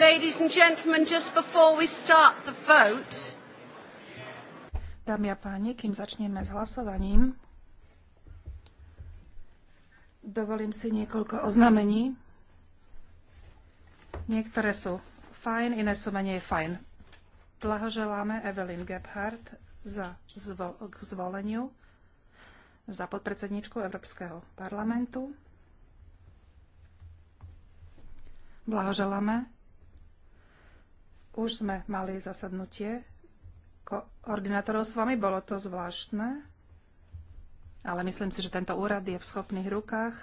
Ladies and gentlemen, just before we start the vote. Dámy a páni, kým začneme s hlasovaním, dovolím si niekoľko oznamení. Niektoré sú fajn, iné sú menej fajn. Blahoželáme Evelyn Gebhardt za zvo- k zvoleniu za podpredsedničku Európskeho parlamentu. Blahoželáme už sme mali zasadnutie koordinátorov s vami, bolo to zvláštne, ale myslím si, že tento úrad je v schopných rukách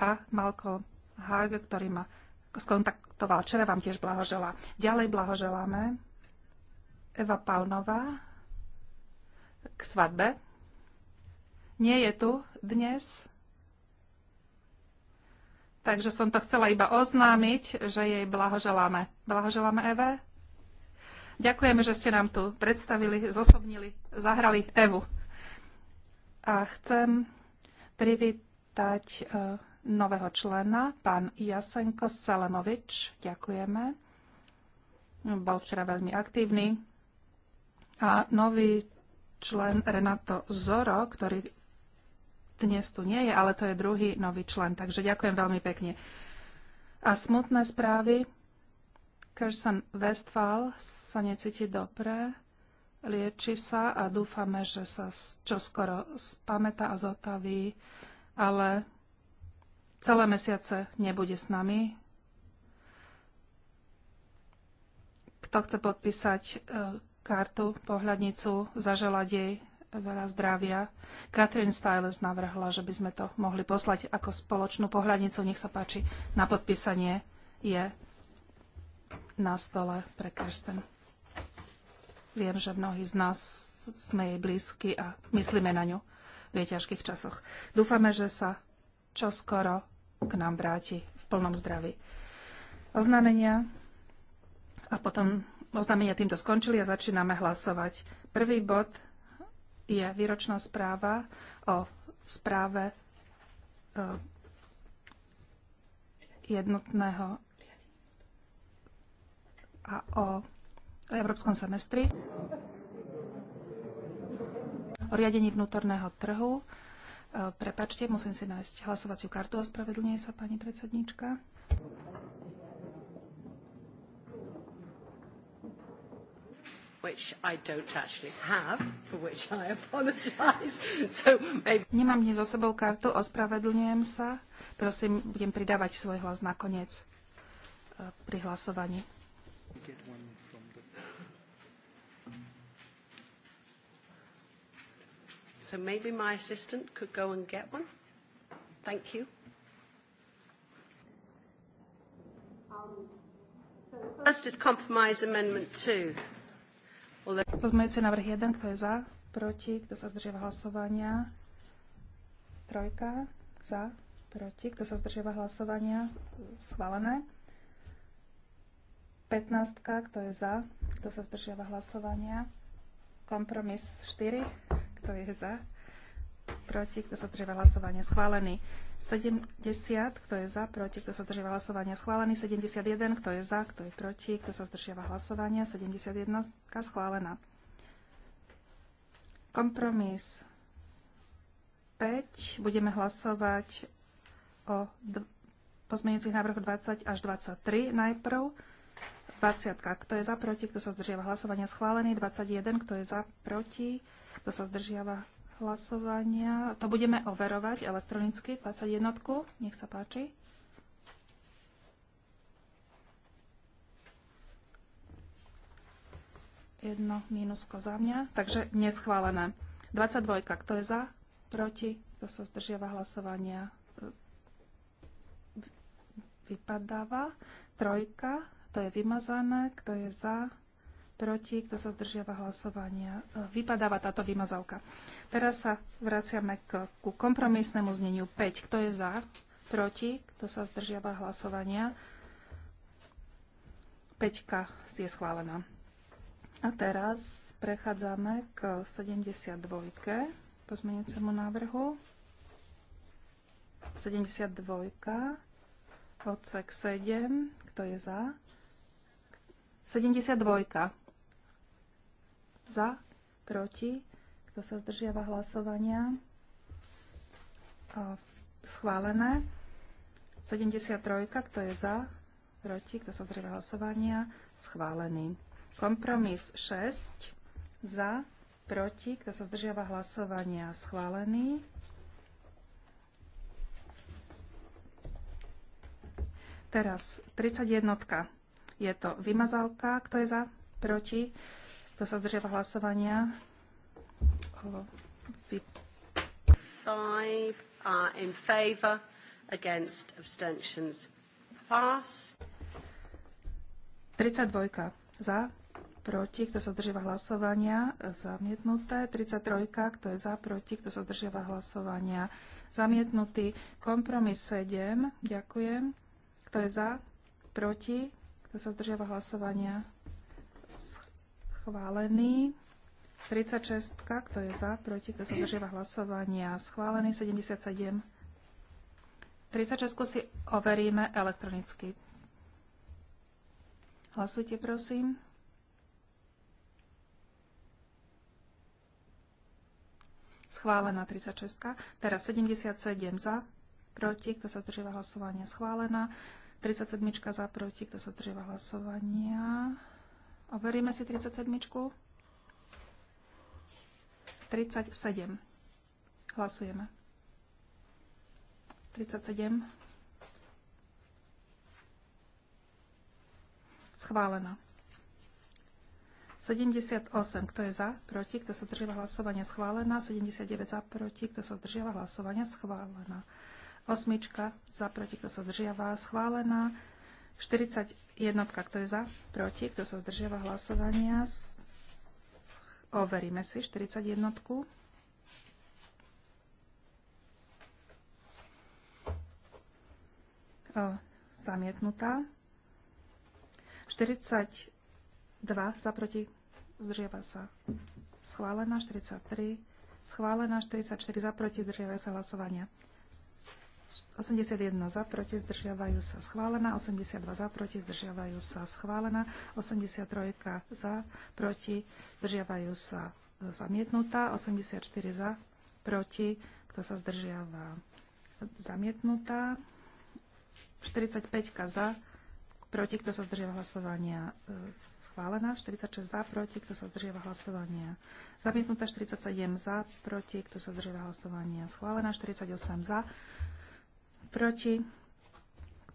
a Malko Harg, ktorý ma skontaktoval včera, vám tiež blahoželá. Ďalej blahoželáme Eva Paunová k svadbe. Nie je tu dnes, takže som to chcela iba oznámiť, že jej blahoželáme. Blahoželáme Eve. Ďakujeme, že ste nám tu predstavili, zosobnili, zahrali Evu. A chcem privítať e, nového člena, pán Jasenko Salemovič. Ďakujeme. Bol včera veľmi aktívny. A nový člen Renato Zoro, ktorý dnes tu nie je, ale to je druhý nový člen. Takže ďakujem veľmi pekne. A smutné správy Kirsten Westphal sa necíti dobre, lieči sa a dúfame, že sa čoskoro spameta a zotaví, ale celé mesiace nebude s nami. Kto chce podpísať e, kartu, pohľadnicu, zaželať jej veľa zdravia. Katrin Styles navrhla, že by sme to mohli poslať ako spoločnú pohľadnicu. Nech sa páči, na podpísanie je na stole pre Kirsten. Viem, že mnohí z nás sme jej blízky a myslíme na ňu v jej ťažkých časoch. Dúfame, že sa čoskoro k nám vráti v plnom zdraví. Oznámenia a potom oznámenia týmto skončili a začíname hlasovať. Prvý bod je výročná správa o správe e, jednotného a o Európskom semestri, o riadení vnútorného trhu. E, prepačte, musím si nájsť hlasovaciu kartu, ospravedlňuje sa pani predsednička. which I don't actually have, for which I apologize. So maybe... Nemám dnes so sebou kartu, ospravedlňujem sa. Prosím, budem pridávať svoj hlas nakoniec e, pri hlasovaní. So maybe my assistant could go and get one. Thank you. Um, First is compromise amendment two. Pozmejúci návrh 1, kto je za, proti, kto sa zdržiava hlasovania. Trojka, za, proti, kto sa zdržiava hlasovania. Schválené. 15. Kto je za? Kto sa zdržiava hlasovania? Kompromis 4. Kto je za? Proti. Kto sa zdržiava hlasovania? Schválený. 70. Kto je za? Proti. Kto sa zdržiava hlasovania? Schválený. 71. Kto je za? Kto je proti? Kto sa zdržiava hlasovania? 71. Schválená. Kompromis 5. Budeme hlasovať o pozmeňujúcich návrhoch 20 až 23 najprv. 20. Kto je za, proti? Kto sa zdržiava hlasovania? Schválený. 21. Kto je za, proti? Kto sa zdržiava hlasovania? To budeme overovať elektronicky. 21. Nech sa páči. Jedno mínusko za mňa. Takže neschválené. 22. Kto je za? Proti? Kto sa zdržiava hlasovania? Vypadáva. Trojka kto je vymazané, kto je za, proti, kto sa zdržiava hlasovania. E, vypadáva táto vymazavka. Teraz sa vraciame k, ku kompromisnému zneniu 5. Kto je za, proti, kto sa zdržiava hlasovania. 5 je schválená. A teraz prechádzame k 72. pozmeňujúcemu návrhu. 72. odsek 7. Kto je za? 72. Za, proti, kto sa zdržiava hlasovania. schválené. 73. Kto je za, proti, kto sa zdržiava hlasovania. Schválený. Kompromis 6. Za, proti, kto sa zdržiava hlasovania. Schválený. Teraz 31. Je to vymazalka. Kto je za? Proti? Kto sa zdržiava hlasovania? Vy... Five are in favor, against abstentions pass. 32 za, proti, kto sa zdržiava hlasovania, zamietnuté. 33, kto je za, proti, kto sa zdržiava hlasovania, zamietnutý. Kompromis 7, ďakujem. Kto je za, proti, kto sa zdržiava hlasovania? Schválený. 36. Kto je za? Proti. Kto sa zdržiava hlasovania? Schválený. 77. 36 si overíme elektronicky. Hlasujte, prosím. Schválená 36. Teraz 77 za, proti, kto sa zdržíva hlasovania, schválená. 37 za proti, kto sa zdržíva hlasovania. Overíme si 37. 37. Hlasujeme. 37. Schválená. 78, kto je za, proti, kto sa zdržiava hlasovania, schválená. 79 za, proti, kto sa zdržiava hlasovania, schválená. Osmička za, proti, kto sa zdržiava, schválená. 41, kto je za, proti, kto sa zdržiava hlasovania. Overíme si 41. zamietnutá. 42 za proti zdržiava sa schválená, 43 schválená, 44 za proti zdržiava sa hlasovania. 81 za, proti, zdržiavajú sa schválená. 82 za, proti, zdržiavajú sa schválená. 83 za, proti, zdržiavajú sa e, zamietnutá. 84 za, proti, kto sa zdržiava zamietnutá. 45 e, za, proti, kto sa zdržiava hlasovania schválená, 46 za, proti, kto sa zdržiava hlasovania. Zamietnutá 47 za, proti, kto sa zdržiava hlasovania. Schválená 48 za, proti,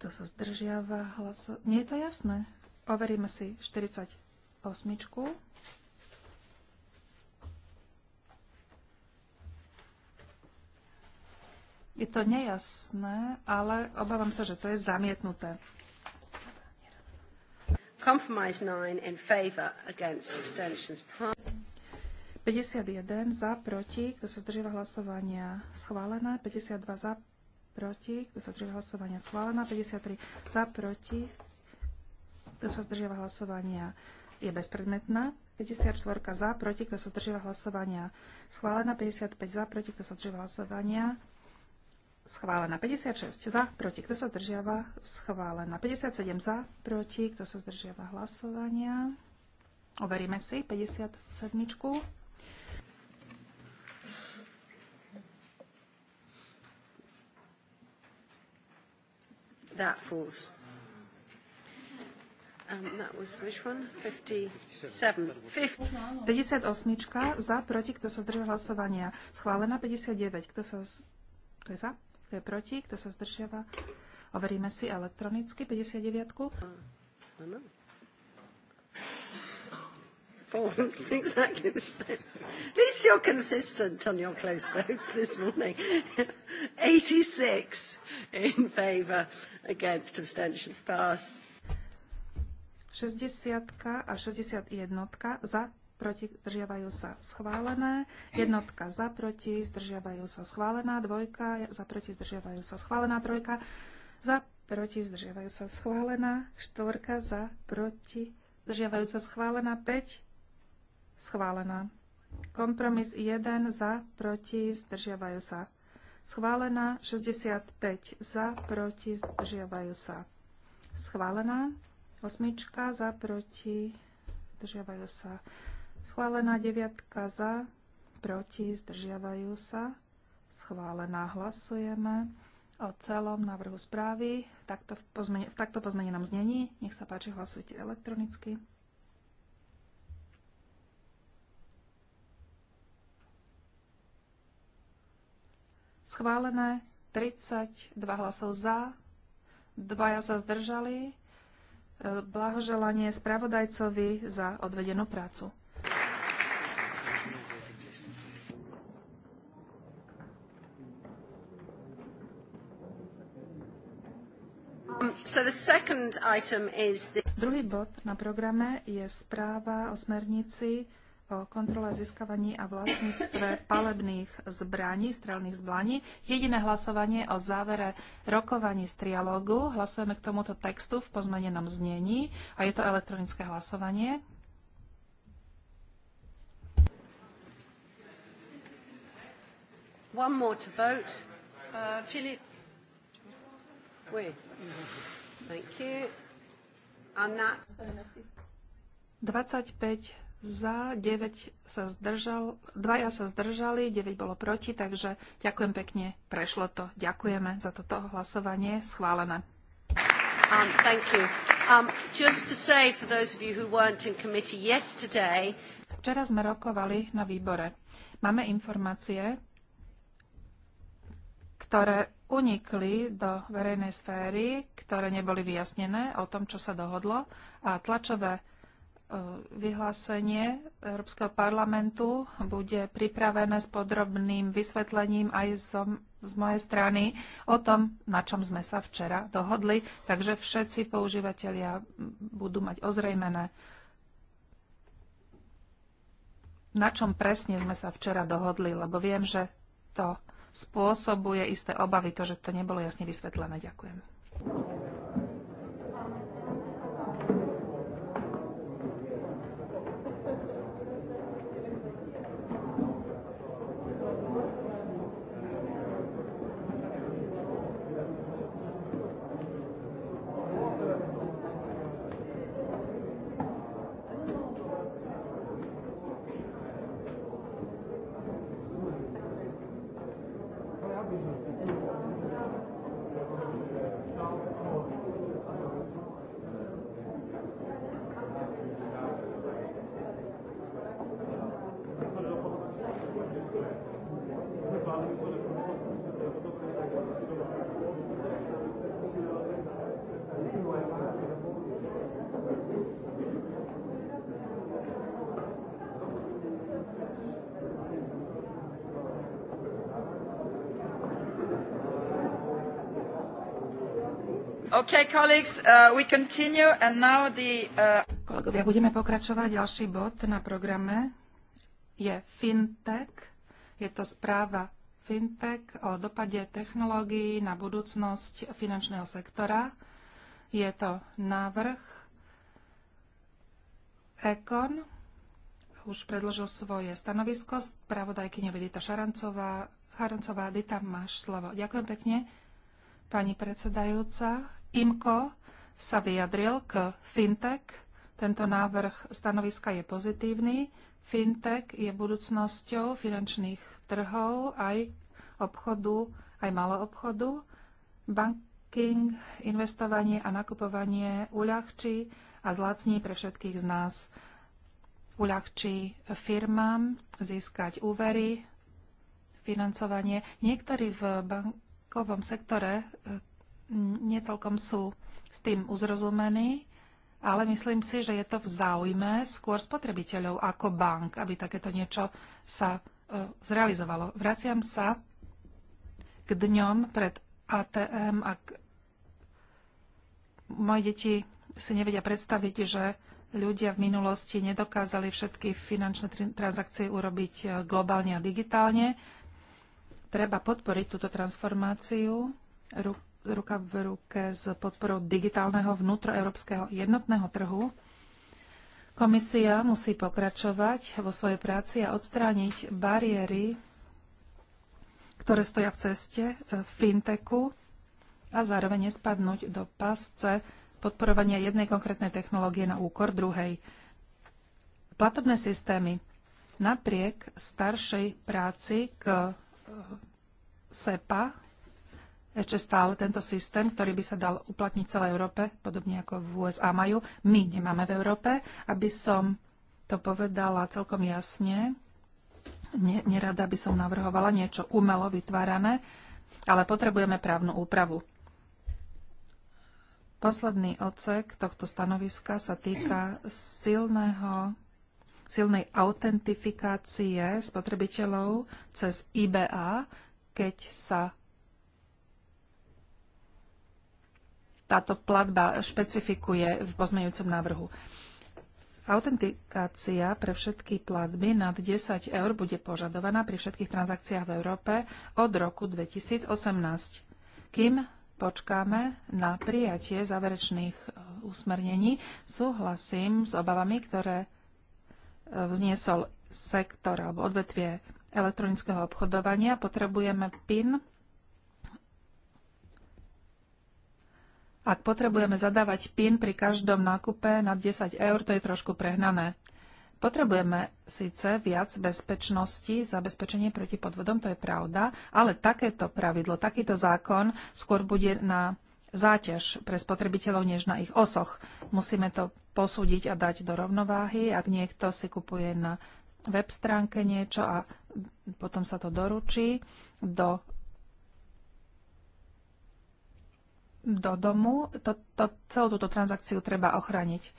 kto sa zdržiava hlasov... Nie je to jasné. Overíme si 48. Je to nejasné, ale obávam sa, že to je zamietnuté. Compromise 9 in favor against abstentions. 51 za, proti, kto sa zdržíva hlasovania schválené, 52 za, proti, kto sa zdržiava hlasovania schválená, 53 za, proti, kto sa zdržiava hlasovania je bezpredmetná, 54 za, proti, kto sa zdržiava hlasovania schválená, 55 za, proti, kto sa zdržiava hlasovania schválená, 56 za, proti, kto sa zdržiava schválená, 57 za, proti, kto sa zdržiava hlasovania, overíme si 57. That falls. Um, that was which one? 57. 58 za, proti, kto sa zdržal hlasovania. Schválená 59. Kto sa... To je za? Kto je proti? Kto sa zdržiava? Overíme si elektronicky 59. Uh, -ku exactly the same. At least you're consistent on your close votes this morning. 86 in favour, against abstentions passed. 60 a 61 za, proti, zdržiavajú sa schválené. Jednotka za, proti, zdržiavajú sa schválená. Dvojka za, proti, zdržiavajú sa schválená. Trojka za, proti, zdržiavajú sa schválená. Štvorka za, proti, zdržiavajú sa schválená. 5 schválená. Kompromis 1 za, proti, zdržiavajú sa. Schválená 65 za, proti, zdržiavajú sa. Schválená osmička za, proti, zdržiavajú sa. Schválená deviatka za, proti, zdržiavajú sa. Schválená hlasujeme o celom návrhu správy. Takto v, pozmene, v takto pozmenenom znení. Nech sa páči, hlasujte elektronicky. schválené, 32 hlasov za, dvaja sa zdržali. E, Blahoželanie spravodajcovi za odvedenú prácu. Um, so the... Druhý bod na programe je správa o smernici o kontrole získavaní a vlastníctve palebných zbraní, strelných zbraní. Jediné hlasovanie o závere rokovaní z trialógu. Hlasujeme k tomuto textu v pozmenenom znení a je to elektronické hlasovanie. One more to vote. Uh, Philippe. Oui. Thank you. And that... 25 za, 9 sa zdržal, dvaja sa zdržali, 9 bolo proti, takže ďakujem pekne, prešlo to. Ďakujeme za toto hlasovanie, schválené. Um, thank you. Um, just to say for those of you who weren't in committee yesterday, Včera sme rokovali na výbore. Máme informácie, ktoré unikli do verejnej sféry, ktoré neboli vyjasnené o tom, čo sa dohodlo a tlačové vyhlásenie Európskeho parlamentu bude pripravené s podrobným vysvetlením aj z, z mojej strany o tom, na čom sme sa včera dohodli. Takže všetci používateľia budú mať ozrejmené, na čom presne sme sa včera dohodli, lebo viem, že to spôsobuje isté obavy, to, že to nebolo jasne vysvetlené. Ďakujem. Okay, uh, the, uh... Kolegovia, budeme pokračovať. Ďalší bod na programe je FinTech. Je to správa FinTech o dopade technológií na budúcnosť finančného sektora. Je to návrh ECON. Už predložil svoje stanovisko. Spravodajkyňa Vedita Šarancová. Šarancová, Dita, máš slovo. Ďakujem pekne pani predsedajúca. IMKO sa vyjadril k fintech. Tento návrh stanoviska je pozitívny. Fintech je budúcnosťou finančných trhov aj obchodu, aj maloobchodu. Banking, investovanie a nakupovanie uľahčí a zlacní pre všetkých z nás. Uľahčí firmám získať úvery, financovanie. Niektorí v bankách bankovom sektore e, necelkom sú s tým uzrozumení, ale myslím si, že je to v záujme skôr spotrebiteľov ako bank, aby takéto niečo sa e, zrealizovalo. Vraciam sa k dňom pred ATM, ak moje deti si nevedia predstaviť, že ľudia v minulosti nedokázali všetky finančné transakcie urobiť e, globálne a digitálne treba podporiť túto transformáciu ruka v ruke s podporou digitálneho vnútroeurópskeho jednotného trhu. Komisia musí pokračovať vo svojej práci a odstrániť bariéry, ktoré stoja v ceste v e, fintechu a zároveň nespadnúť do pasce podporovania jednej konkrétnej technológie na úkor druhej. Platobné systémy napriek staršej práci k SEPA, ešte stále tento systém, ktorý by sa dal uplatniť celé celej Európe, podobne ako v USA majú, my nemáme v Európe. Aby som to povedala celkom jasne, nerada by som navrhovala niečo umelo vytvárané, ale potrebujeme právnu úpravu. Posledný odsek tohto stanoviska sa týka silného silnej autentifikácie spotrebiteľov cez IBA, keď sa táto platba špecifikuje v pozmeňujúcom návrhu. Autentikácia pre všetky platby nad 10 eur bude požadovaná pri všetkých transakciách v Európe od roku 2018, kým počkáme na prijatie záverečných e, usmernení. Súhlasím s obavami, ktoré vzniesol sektor alebo odvetvie elektronického obchodovania. Potrebujeme PIN. Ak potrebujeme zadávať PIN pri každom nákupe nad 10 eur, to je trošku prehnané. Potrebujeme síce viac bezpečnosti, zabezpečenie proti podvodom, to je pravda, ale takéto pravidlo, takýto zákon skôr bude na záťaž pre spotrebiteľov než na ich osoch. Musíme to posúdiť a dať do rovnováhy. Ak niekto si kupuje na web stránke niečo a potom sa to doručí do, do domu, to, to, celú túto transakciu treba ochrániť.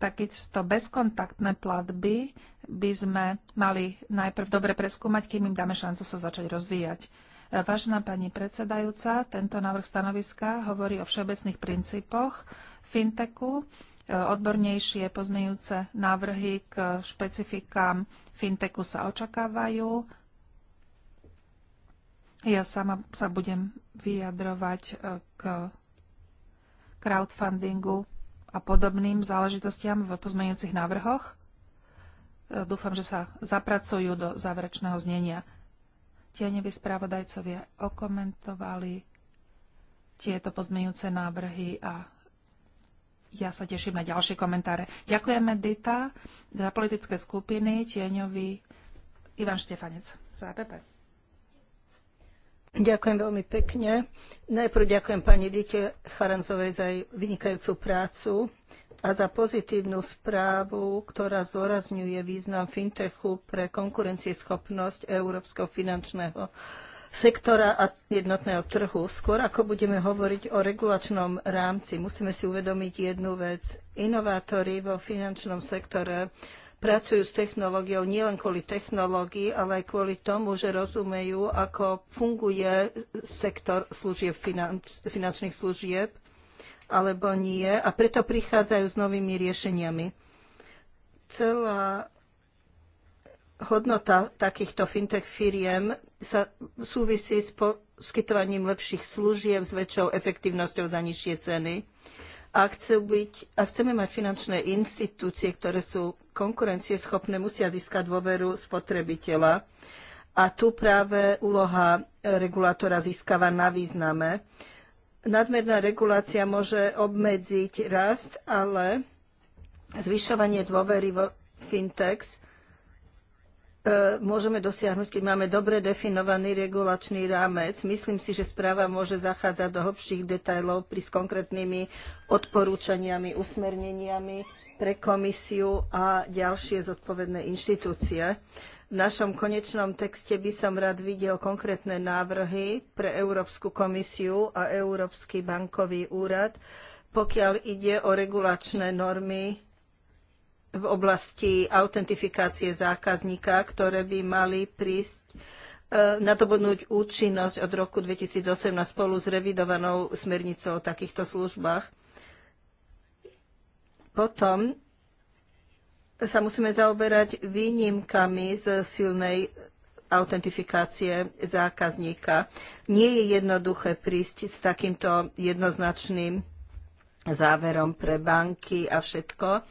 Takisto bezkontaktné platby by sme mali najprv dobre preskúmať, kým im dáme šancu sa začať rozvíjať Vážená pani predsedajúca, tento návrh stanoviska hovorí o všeobecných princípoch fintechu, odbornejšie pozmejúce návrhy k špecifikám fintechu sa očakávajú. Ja sama sa budem vyjadrovať e, k crowdfundingu a podobným záležitostiam v pozmeňujúcich návrhoch. E, dúfam, že sa zapracujú do záverečného znenia tieňoví spravodajcovia okomentovali tieto pozmeňujúce návrhy a ja sa teším na ďalšie komentáre. Ďakujeme Dita za politické skupiny, tieňový Ivan Štefanec za APP. E ďakujem veľmi pekne. Najprv ďakujem pani Dite Charanzovej za jej vynikajúcu prácu a za pozitívnu správu, ktorá zdôrazňuje význam fintechu pre konkurencieschopnosť európskeho finančného sektora a jednotného trhu. Skôr ako budeme hovoriť o regulačnom rámci, musíme si uvedomiť jednu vec. Inovátori vo finančnom sektore pracujú s technológiou nielen kvôli technológii, ale aj kvôli tomu, že rozumejú, ako funguje sektor služieb, finanč, finančných služieb alebo nie a preto prichádzajú s novými riešeniami. Celá hodnota takýchto fintech firiem sa súvisí s poskytovaním lepších služieb s väčšou efektívnosťou za nižšie ceny. A, byť, a chceme mať finančné inštitúcie, ktoré sú konkurencieschopné, musia získať dôveru spotrebiteľa. A tu práve úloha regulátora získava na význame. Nadmerná regulácia môže obmedziť rast, ale zvyšovanie dôvery vo fintechs e, môžeme dosiahnuť, keď máme dobre definovaný regulačný rámec. Myslím si, že správa môže zachádzať do hlbších detajlov pri s konkrétnymi odporúčaniami, usmerneniami pre komisiu a ďalšie zodpovedné inštitúcie. V našom konečnom texte by som rád videl konkrétne návrhy pre Európsku komisiu a Európsky bankový úrad, pokiaľ ide o regulačné normy v oblasti autentifikácie zákazníka, ktoré by mali prísť e, nadobudnúť účinnosť od roku 2018 spolu s revidovanou smernicou o takýchto službách. Potom sa musíme zaoberať výnimkami z silnej autentifikácie zákazníka. Nie je jednoduché prísť s takýmto jednoznačným záverom pre banky a všetko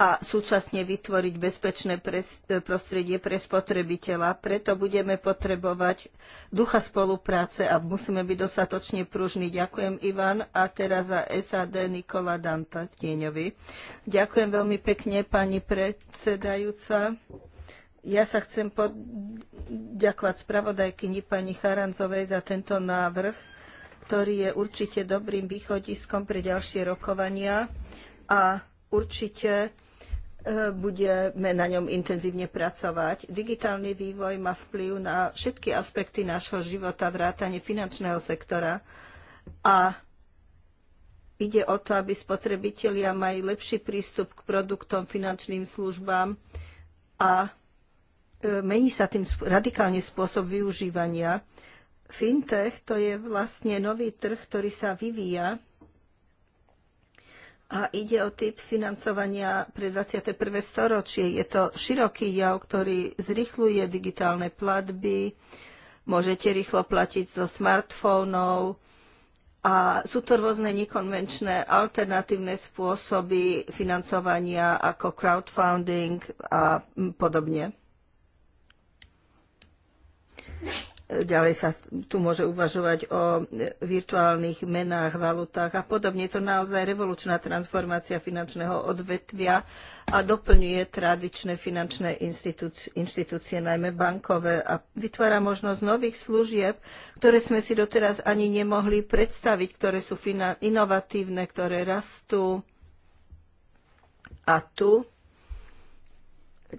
a súčasne vytvoriť bezpečné e, prostredie pre spotrebiteľa. Preto budeme potrebovať ducha spolupráce a musíme byť dostatočne pružní. Ďakujem Ivan a teraz za SAD Nikola Danta Tieňovi. Ďakujem veľmi pekne pani predsedajúca. Ja sa chcem poďakovať spravodajkyni pani Charanzovej za tento návrh, ktorý je určite dobrým východiskom pre ďalšie rokovania a určite E, budeme na ňom intenzívne pracovať. Digitálny vývoj má vplyv na všetky aspekty nášho života, vrátane finančného sektora a ide o to, aby spotrebitelia mali lepší prístup k produktom, finančným službám a e, mení sa tým radikálne spôsob využívania. Fintech to je vlastne nový trh, ktorý sa vyvíja a ide o typ financovania pre 21. storočie. Je to široký jav, ktorý zrychluje digitálne platby, môžete rýchlo platiť zo smartfónov a sú to rôzne nekonvenčné alternatívne spôsoby financovania ako crowdfunding a podobne. Ďalej sa tu môže uvažovať o virtuálnych menách, valutách a podobne. Je to naozaj revolučná transformácia finančného odvetvia a doplňuje tradičné finančné inštitúcie, inštitúcie, najmä bankové a vytvára možnosť nových služieb, ktoré sme si doteraz ani nemohli predstaviť, ktoré sú inovatívne, ktoré rastú. A tu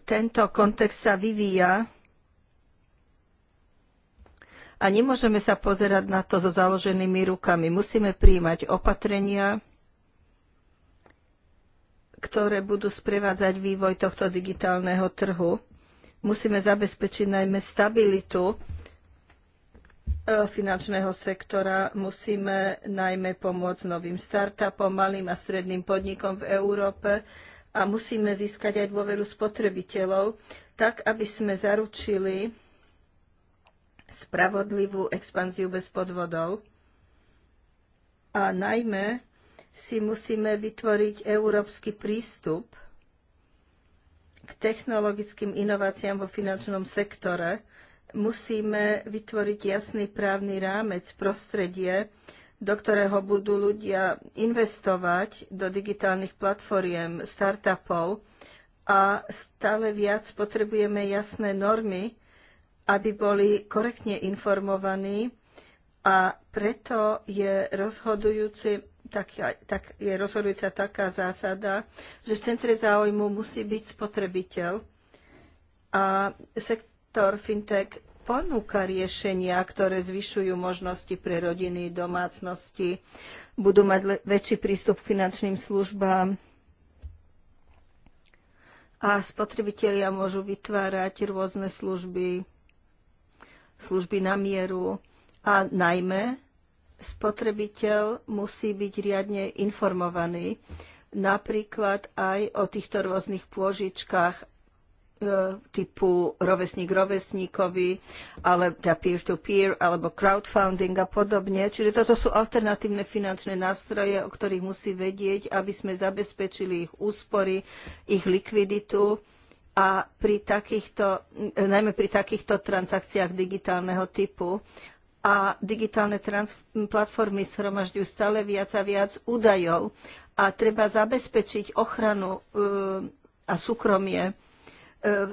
tento kontext sa vyvíja a nemôžeme sa pozerať na to so založenými rukami. Musíme príjmať opatrenia, ktoré budú sprevádzať vývoj tohto digitálneho trhu. Musíme zabezpečiť najmä stabilitu e, finančného sektora. Musíme najmä pomôcť novým startupom, malým a stredným podnikom v Európe a musíme získať aj dôveru spotrebiteľov, tak aby sme zaručili spravodlivú expanziu bez podvodov. A najmä si musíme vytvoriť európsky prístup k technologickým inováciám vo finančnom sektore. Musíme vytvoriť jasný právny rámec, prostredie, do ktorého budú ľudia investovať do digitálnych platformiem, startupov a stále viac potrebujeme jasné normy, aby boli korektne informovaní a preto je rozhodujúci tak, tak je rozhodujúca taká zásada, že v centre záujmu musí byť spotrebiteľ a sektor fintech ponúka riešenia, ktoré zvyšujú možnosti pre rodiny, domácnosti, budú mať väčší prístup k finančným službám a spotrebitelia môžu vytvárať rôzne služby, služby na mieru a najmä spotrebiteľ musí byť riadne informovaný napríklad aj o týchto rôznych pôžičkách e, typu rovesník rovesníkovi, ale teda peer-to-peer, alebo crowdfunding a podobne. Čiže toto sú alternatívne finančné nástroje, o ktorých musí vedieť, aby sme zabezpečili ich úspory, ich likviditu a pri takýchto, najmä pri takýchto transakciách digitálneho typu. A digitálne platformy shromažďujú stále viac a viac údajov a treba zabezpečiť ochranu e, a súkromie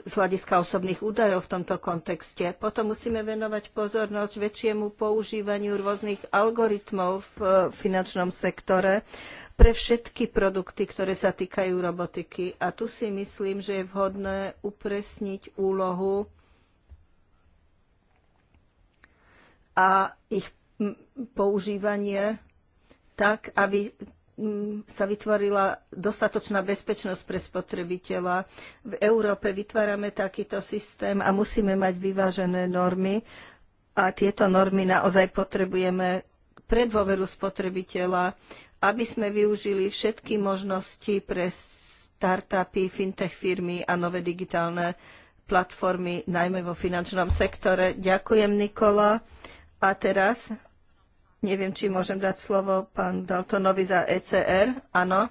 z hľadiska osobných údajov v tomto kontexte. Potom musíme venovať pozornosť väčšiemu používaniu rôznych algoritmov v e, finančnom sektore pre všetky produkty, ktoré sa týkajú robotiky. A tu si myslím, že je vhodné upresniť úlohu a ich používanie tak, aby sa vytvorila dostatočná bezpečnosť pre spotrebiteľa. V Európe vytvárame takýto systém a musíme mať vyvážené normy a tieto normy naozaj potrebujeme pre dôveru spotrebiteľa, aby sme využili všetky možnosti pre startupy, fintech firmy a nové digitálne platformy, najmä vo finančnom sektore. Ďakujem, Nikola. A teraz Neviem, či môžem dať slovo pán Daltonovi za ECR. Áno.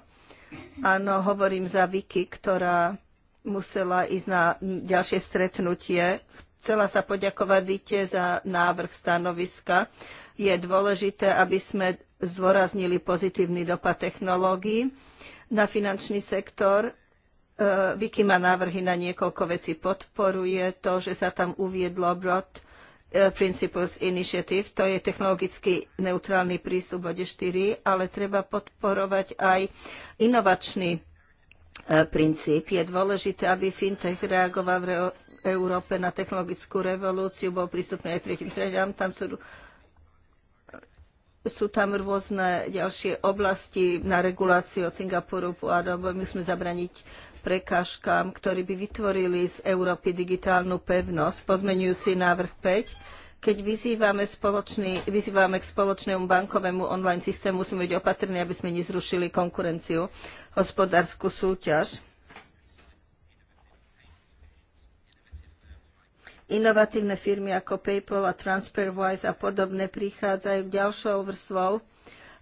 Áno, hovorím za Vicky, ktorá musela ísť na ďalšie stretnutie. Chcela sa poďakovať Dite za návrh stanoviska. Je dôležité, aby sme zdôraznili pozitívny dopad technológií na finančný sektor. E, Vicky má návrhy na niekoľko vecí. Podporuje to, že sa tam uviedlo broad Eh, Principles Initiative, to je technologicky neutrálny prístup bode 4, ale treba podporovať aj inovačný eh, princíp. Je dôležité, aby fintech reagoval v Európe na technologickú revolúciu, bol prístupný aj tretím stredám. Tam sú, sú tam rôzne ďalšie oblasti na reguláciu od Singapuru po my Musíme zabraniť prekážkám, ktorí by vytvorili z Európy digitálnu pevnosť, pozmenujúci návrh 5, keď vyzývame, spoločný, vyzývame k spoločnému bankovému online systému, musíme byť opatrní, aby sme nezrušili konkurenciu, hospodárskú súťaž. Inovatívne firmy ako PayPal a TransferWise a podobné prichádzajú ďalšou vrstvou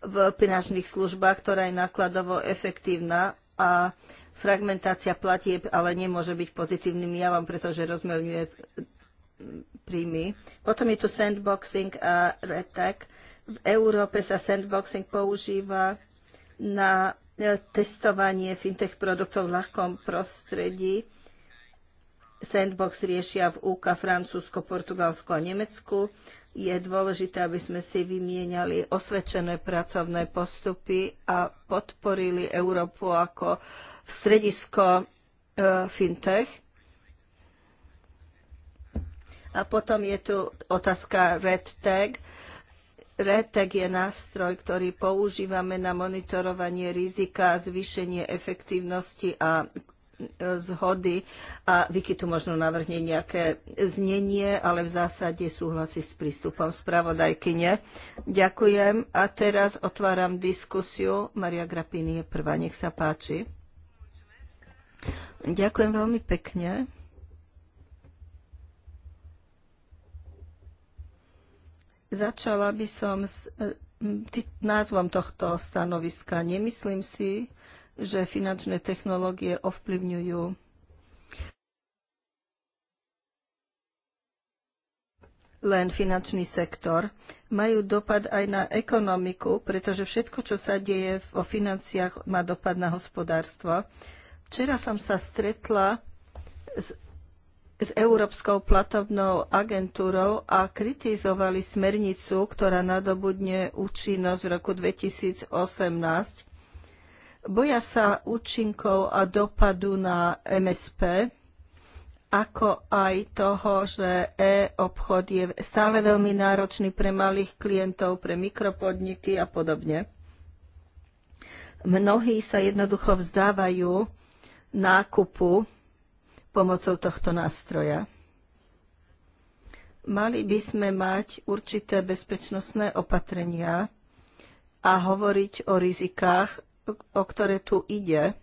v finančných službách, ktorá je nákladovo efektívna a Fragmentácia platieb ale nemôže byť pozitívnym javom, pretože rozmeľňuje príjmy. Potom je tu sandboxing a retek. V Európe sa sandboxing používa na e, testovanie fintech produktov v ľahkom prostredí. Sandbox riešia v UK, Francúzsko, Portugalsko a Nemecku. Je dôležité, aby sme si vymieniali osvedčené pracovné postupy a podporili Európu ako uh, stredisko e, fintech. A potom je tu otázka red tag. Red tag je nástroj, ktorý používame na monitorovanie rizika, zvýšenie efektívnosti a e, zhody a Vicky tu možno navrhne nejaké znenie, ale v zásade súhlasí s prístupom spravodajkyne. Ďakujem a teraz otváram diskusiu. Maria Grapini je prvá, nech sa páči. Ďakujem veľmi pekne. Začala by som s e, názvom tohto stanoviska. Nemyslím si, že finančné technológie ovplyvňujú len finančný sektor. Majú dopad aj na ekonomiku, pretože všetko, čo sa deje vo financiách, má dopad na hospodárstvo. Včera som sa stretla s, s Európskou platobnou agentúrou a kritizovali smernicu, ktorá nadobudne účinnosť v roku 2018. Boja sa účinkov a dopadu na MSP, ako aj toho, že e-obchod je stále veľmi náročný pre malých klientov, pre mikropodniky a podobne. Mnohí sa jednoducho vzdávajú nákupu pomocou tohto nástroja. Mali by sme mať určité bezpečnostné opatrenia a hovoriť o rizikách, o ktoré tu ide.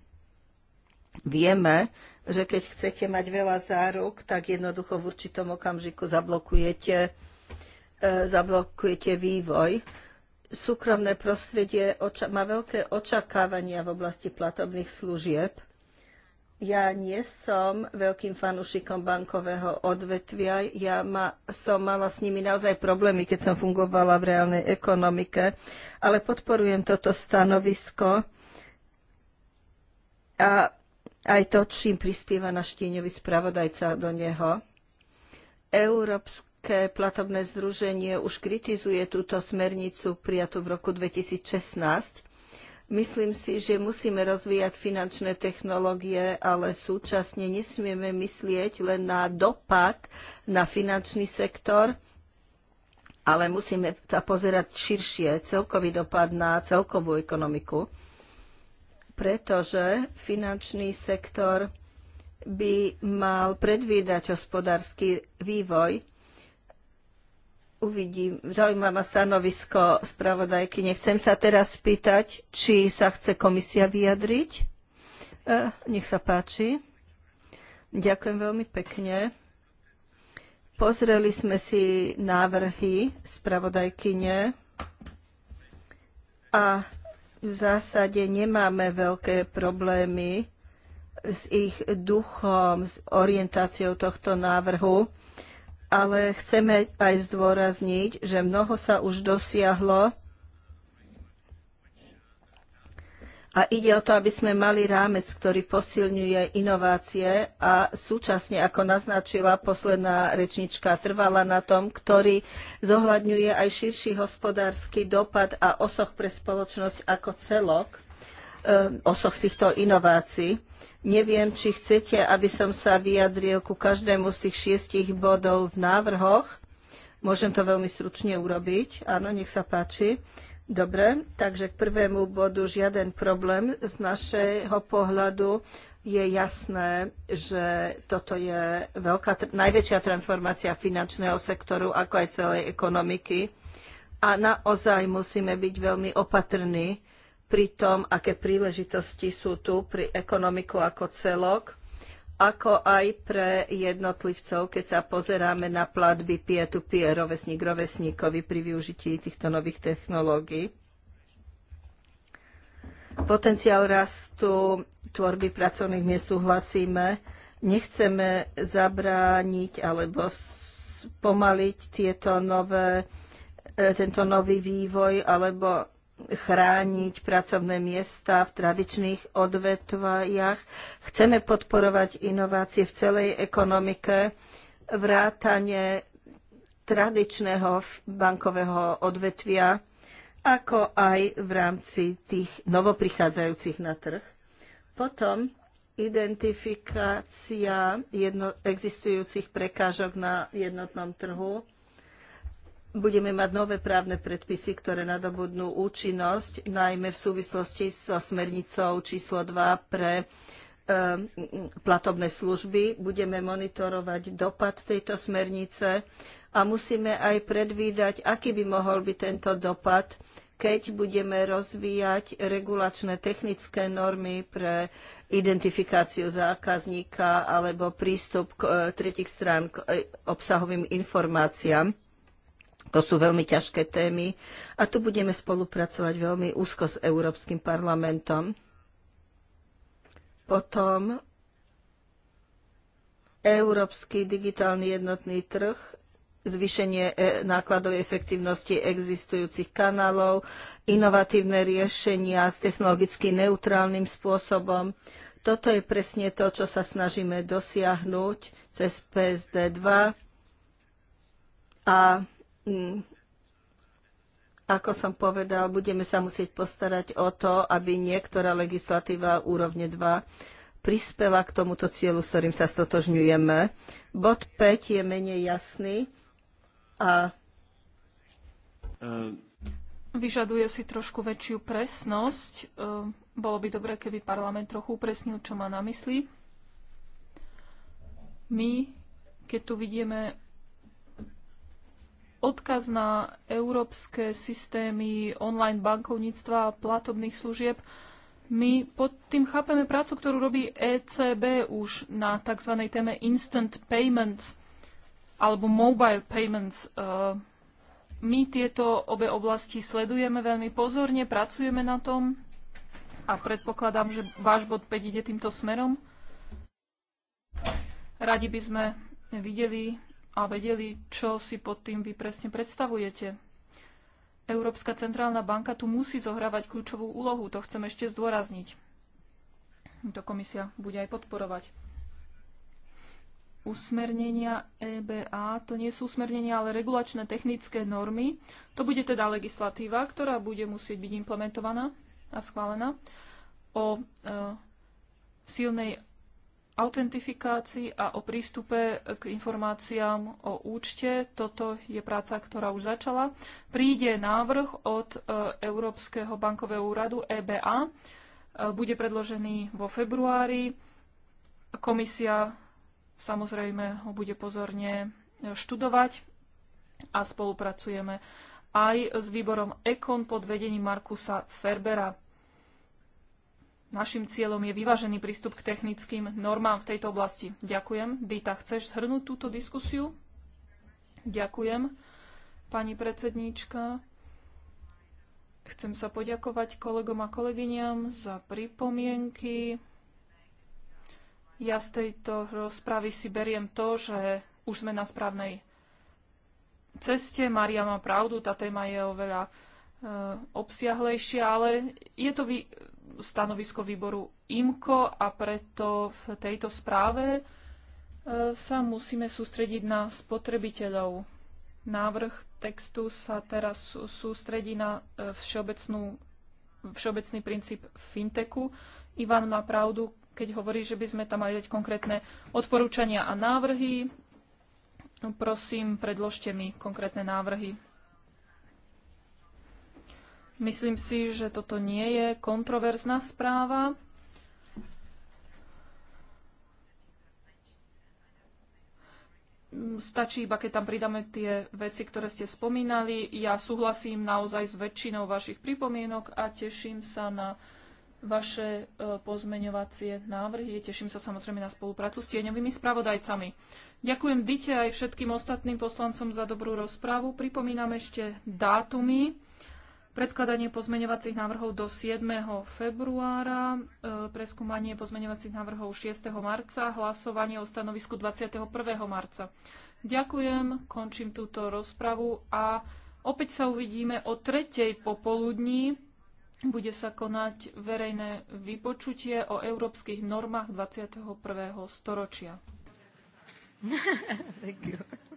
Vieme, že keď chcete mať veľa záruk, tak jednoducho v určitom okamžiku zablokujete, e, zablokujete vývoj súkromné prostredie má veľké očakávania v oblasti platobných služieb ja nie som veľkým fanúšikom bankového odvetvia. Ja ma, som mala s nimi naozaj problémy, keď som fungovala v reálnej ekonomike, ale podporujem toto stanovisko a aj to, čím prispieva na Štíňovi spravodajca do neho. Európske platobné združenie už kritizuje túto smernicu prijatú v roku 2016 Myslím si, že musíme rozvíjať finančné technológie, ale súčasne nesmieme myslieť len na dopad na finančný sektor, ale musíme sa pozerať širšie, celkový dopad na celkovú ekonomiku, pretože finančný sektor by mal predvídať hospodársky vývoj uvidím zaujímavá stanovisko spravodajky. Nechcem sa teraz spýtať, či sa chce komisia vyjadriť. E, nech sa páči. Ďakujem veľmi pekne. Pozreli sme si návrhy spravodajkyne a v zásade nemáme veľké problémy s ich duchom, s orientáciou tohto návrhu ale chceme aj zdôrazniť, že mnoho sa už dosiahlo a ide o to, aby sme mali rámec, ktorý posilňuje inovácie a súčasne, ako naznačila posledná rečnička, trvala na tom, ktorý zohľadňuje aj širší hospodársky dopad a osoch pre spoločnosť ako celok, eh, osoch týchto inovácií. Neviem, či chcete, aby som sa vyjadril ku každému z tých šiestich bodov v návrhoch. Môžem to veľmi stručne urobiť. Áno, nech sa páči. Dobre, takže k prvému bodu žiaden problém. Z našeho pohľadu je jasné, že toto je veľká, najväčšia transformácia finančného sektoru, ako aj celej ekonomiky. A naozaj musíme byť veľmi opatrní, pri tom, aké príležitosti sú tu pri ekonomiku ako celok, ako aj pre jednotlivcov, keď sa pozeráme na platby peer-to-peer, rovesník rovesníkovi pri využití týchto nových technológií. Potenciál rastu tvorby pracovných miest súhlasíme. Nechceme zabrániť alebo spomaliť tieto nové, e, tento nový vývoj alebo chrániť pracovné miesta v tradičných odvetvajach, Chceme podporovať inovácie v celej ekonomike, vrátanie tradičného bankového odvetvia, ako aj v rámci tých novoprichádzajúcich na trh. Potom identifikácia jedno, existujúcich prekážok na jednotnom trhu budeme mať nové právne predpisy, ktoré nadobudnú účinnosť, najmä v súvislosti so smernicou číslo 2 pre e, platobné služby. Budeme monitorovať dopad tejto smernice a musíme aj predvídať, aký by mohol byť tento dopad, keď budeme rozvíjať regulačné technické normy pre identifikáciu zákazníka alebo prístup k, e, tretich strán k e, obsahovým informáciám to sú veľmi ťažké témy a tu budeme spolupracovať veľmi úzko s Európskym parlamentom. Potom Európsky digitálny jednotný trh, zvýšenie e, nákladovej efektívnosti existujúcich kanálov, inovatívne riešenia s technologicky neutrálnym spôsobom. Toto je presne to, čo sa snažíme dosiahnuť cez PSD 2 a Mm. ako som povedal, budeme sa musieť postarať o to, aby niektorá legislatíva úrovne 2 prispela k tomuto cieľu, s ktorým sa stotožňujeme. Bod 5 je menej jasný a e, vyžaduje si trošku väčšiu presnosť. E, bolo by dobré, keby parlament trochu upresnil, čo má na mysli. My, keď tu vidíme odkaz na európske systémy online bankovníctva a platobných služieb. My pod tým chápeme prácu, ktorú robí ECB už na tzv. téme instant payments alebo mobile payments. E, my tieto obe oblasti sledujeme veľmi pozorne, pracujeme na tom a predpokladám, že váš bod 5 ide týmto smerom. Radi by sme videli a vedeli, čo si pod tým vy presne predstavujete. Európska centrálna banka tu musí zohrávať kľúčovú úlohu, to chcem ešte zdôrazniť. To komisia bude aj podporovať. Usmernenia EBA, to nie sú usmernenia, ale regulačné technické normy. To bude teda legislatíva, ktorá bude musieť byť implementovaná a schválená o e, silnej autentifikácii a o prístupe k informáciám o účte. Toto je práca, ktorá už začala. Príde návrh od e, Európskeho bankového úradu EBA. E, bude predložený vo februári. Komisia samozrejme ho bude pozorne študovať a spolupracujeme aj s výborom EKON pod vedením Markusa Ferbera. Našim cieľom je vyvážený prístup k technickým normám v tejto oblasti. Ďakujem. Dita, chceš zhrnúť túto diskusiu? Ďakujem, pani predsedníčka. Chcem sa poďakovať kolegom a kolegyňam za pripomienky. Ja z tejto rozpravy si beriem to, že už sme na správnej ceste. Maria má pravdu, tá téma je oveľa e, obsiahlejšia, ale je to vy, stanovisko výboru IMKO a preto v tejto správe e, sa musíme sústrediť na spotrebiteľov. Návrh textu sa teraz sústredí na e, všeobecnú, všeobecný princíp fintechu. Ivan má pravdu, keď hovorí, že by sme tam mali dať konkrétne odporúčania a návrhy. Prosím, predložte mi konkrétne návrhy. Myslím si, že toto nie je kontroverzná správa. Stačí iba, keď tam pridáme tie veci, ktoré ste spomínali. Ja súhlasím naozaj s väčšinou vašich pripomienok a teším sa na vaše e, pozmeňovacie návrhy. Teším sa samozrejme na spoluprácu s tieňovými spravodajcami. Ďakujem Dite aj všetkým ostatným poslancom za dobrú rozprávu. Pripomínam ešte dátumy. Predkladanie pozmeňovacích návrhov do 7. februára, e, preskúmanie pozmeňovacích návrhov 6. marca, hlasovanie o stanovisku 21. marca. Ďakujem, končím túto rozpravu a opäť sa uvidíme o tretej popoludní. Bude sa konať verejné vypočutie o európskych normách 21. storočia. Thank you.